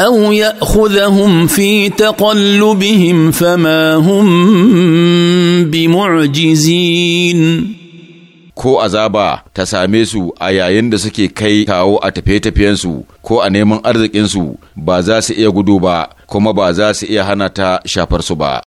أو يأخذهم في تقلبهم فما هم بمعجزين ko azaba ta same su a yayin da suke kai kawo a tafiye-tafiyensu ko a neman arzikinsu ba za su iya gudu ba kuma ba za su iya hana ta shafar su ba.